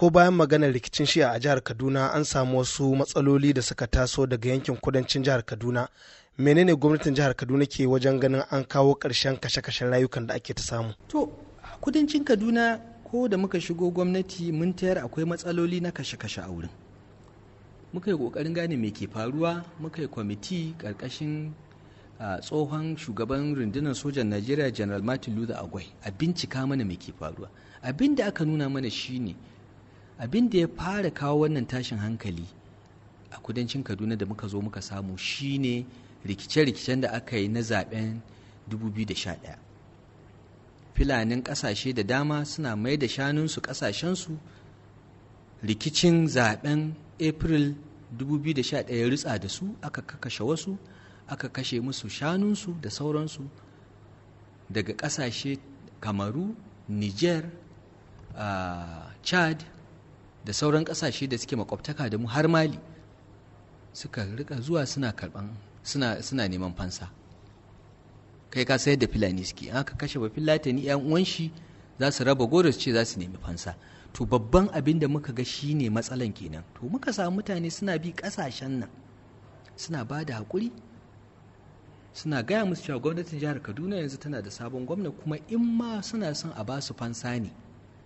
ko bayan maganar rikicin shi'a a jihar kaduna an samu wasu matsaloli da suka taso daga yankin kudancin jihar kaduna menene gwamnatin jihar kaduna ke wajen ganin an kawo ƙarshen kashe-kashen rayukan da ake ta samu to kudancin kaduna ko da muka shigo gwamnati mun tayar akwai matsaloli na kashe-kashe a wurin muka yi ƙoƙarin gane me ke faruwa muka yi kwamiti ƙarƙashin tsohon shugaban rundunar sojan najeriya general martin luther agwai a bincika mana me ke faruwa abin da aka nuna mana shine abin da ya fara kawo wannan tashin hankali a kudancin kaduna da muka zo muka samu shine rikice-rikicen da aka yi na zaben 2011 filanin kasashe da dama suna mai da shanunsu kasashensu rikicin zaben april 2011 ya ritsa da su aka kakashe wasu aka kashe musu shanunsu da sauransu daga kasashe kamaru niger uh, chad da sauran ƙasashe da suke makwabtaka da mu har mali suka rika zuwa suna karban suna suna neman fansa kai ka sayar da filani suke an ka kashe ba ni yan uwan shi za su raba goro su ce za su nemi fansa to babban abin da muka ga shine matsalan kenan to muka samu mutane suna bi kasashen nan suna ba da hakuri suna gaya musu cewa gwamnatin jihar kaduna yanzu tana da sabon gwamna kuma in ma suna son a ba su fansa ne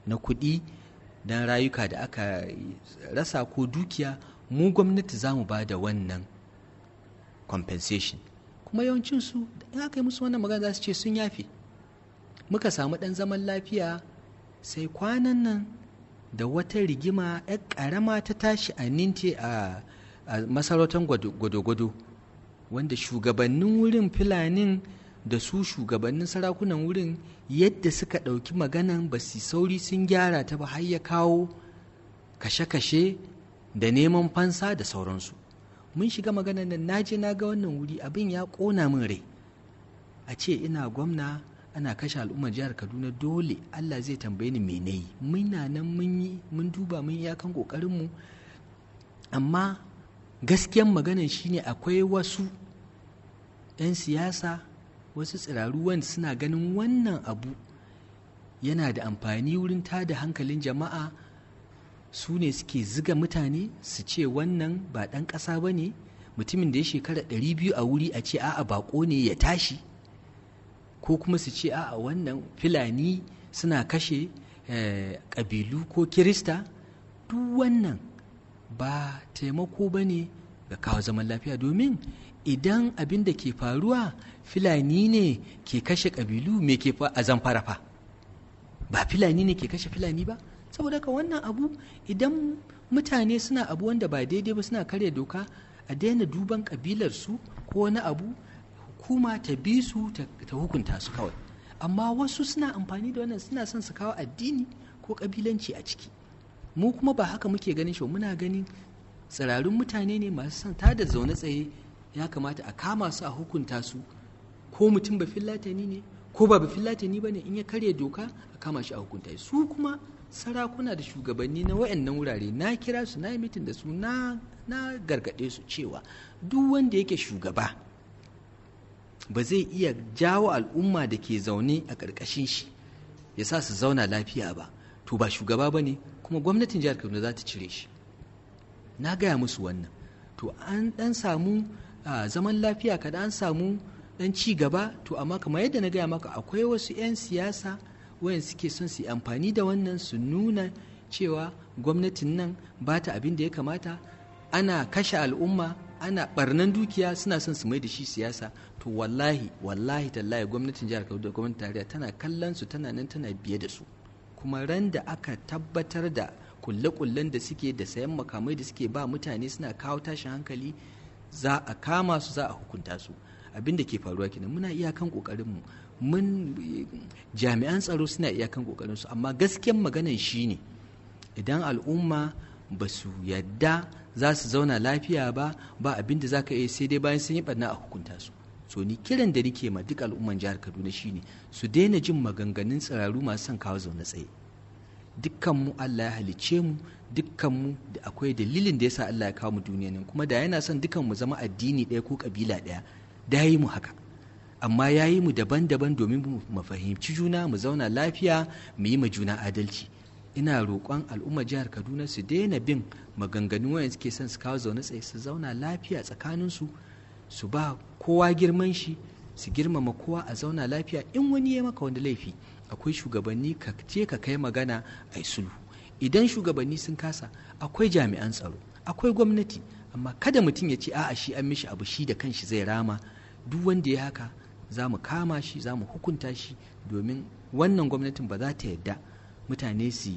na kuɗi don rayuka da aka rasa ko dukiya mu gwamnati za mu ba da wannan compensation kuma yawancinsu in aka yi musu wannan magana za su ce sun yafe muka samu ɗan zaman lafiya sai kwanan nan da wata rigima 'yar ƙarama ta tashi a ninte a masarautar gwado-gwado wanda shugabannin wurin filanin da su shugabannin sarakunan wurin yadda suka ɗauki maganan ba su sauri sun gyara ta ba har ya kawo kashe-kashe da neman fansa da sauransu mun shiga maganan nan na je na ga wannan wuri abin ya ƙona min rai a ce ina gwamna ana kashe al'ummar jihar kaduna dole allah zai tambaye ni mene yi na nan mun yi mun duba mun iyakan ƙoƙarinmu amma gaskiyan maganan shine akwai wasu 'yan siyasa wasu tsiraruwan suna ganin wannan abu yana da amfani wurin tada hankalin jama'a su ne suke ziga mutane su ce wannan ba ɗan ƙasa ba ne mutumin da ya shekara ɗari biyu a wuri a ce a'a baƙo ne ya tashi ko kuma su ce a'a wannan filani suna kashe eh, ƙabilu ko kirista duk wannan ba taimako ba ne ga kawo zaman lafiya domin idan abin da ke faruwa filani ne ke kashe kabilu mai ke a zamfara fa ba filani ne ke kashe filani ba saboda ka wannan abu idan mutane suna abu wanda ba daidai ba suna karya doka a daina duban ƙabilarsu ko wani abu hukuma ta bi su ta hukunta su kawai amma wasu suna amfani da wannan suna son su kawo addini ko kabilanci a ciki mu kuma ba haka muke ganin shi muna ganin tsirarun mutane ne masu son tada zaune tsaye ya kamata a kama su a hukunta su ko mutum ba fillatani ne ko ba ba fillatani ba ne in ya karya doka a kama shi a hukunta su kuma sarakuna da shugabanni na wayannan wurare na kira su na yi mitin da su na gargaɗe su cewa duk wanda yake shugaba ba zai iya jawo al'umma da ke zaune a ƙarƙashin shi ya sa su zauna lafiya ba to ba shugaba ba ne kuma gwamnatin jihar kaduna za ta cire shi na gaya musu wannan to an dan samu zaman lafiya kada an samu dan ci gaba to amma kamar yadda na gaya maka akwai wasu 'yan siyasa wayan suke son su amfani da wannan su nuna cewa gwamnatin nan ba ta abin da ya kamata ana kashe al'umma ana barnan dukiya suna son su mai da shi siyasa to wallahi wallahi tallahi gwamnatin jihar Kaduna gwamnatin tarayya tana kallon su tana nan tana biye da su kuma ran da aka tabbatar da kulle-kullen da suke da sayan makamai da suke ba mutane suna kawo tashin hankali za a kama su za a hukunta su abin da ke faruwa kenan muna iyakan kokarinmu mun jami'an tsaro suna iyakan kokarin su amma gaskiyan maganan ne. idan al'umma ba su yadda za su zauna lafiya ba ba abin da za ka iya sai dai bayan sun yi barna a hukunta su so ni kiran da nike ma duk al'umman jihar kaduna shine su daina jin maganganun tsiraru masu son kawo zaune tsaye dukkanmu Allah ya halice mu dukkanmu da akwai dalilin da ya sa Allah ya kawo mu duniya nan kuma da yana son mu zama addini ɗaya ko kabila ɗaya da yi mu haka amma ya yi mu daban-daban domin mu fahimci juna mu zauna lafiya mu yi ma juna adalci ina roƙon al'umma jihar kaduna su daina bin maganganun wayan suke son su kawo zaune tsaye su zauna lafiya tsakaninsu su ba kowa girman shi su girmama kowa a zauna lafiya in wani ya maka wani laifi akwai shugabanni ka ce ka kai magana a sulhu idan shugabanni sun kasa akwai jami'an tsaro akwai gwamnati amma kada mutum ya ce a'a shi an mishi abu shi da kanshi zai rama duk wanda ya haka za mu kama shi za mu hukunta shi domin wannan gwamnatin ba za ta yadda mutane su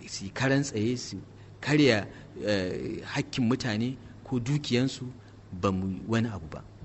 yi karan tsaye su karya eh, hakkin mutane ko dukiyansu ba mu wani abu ba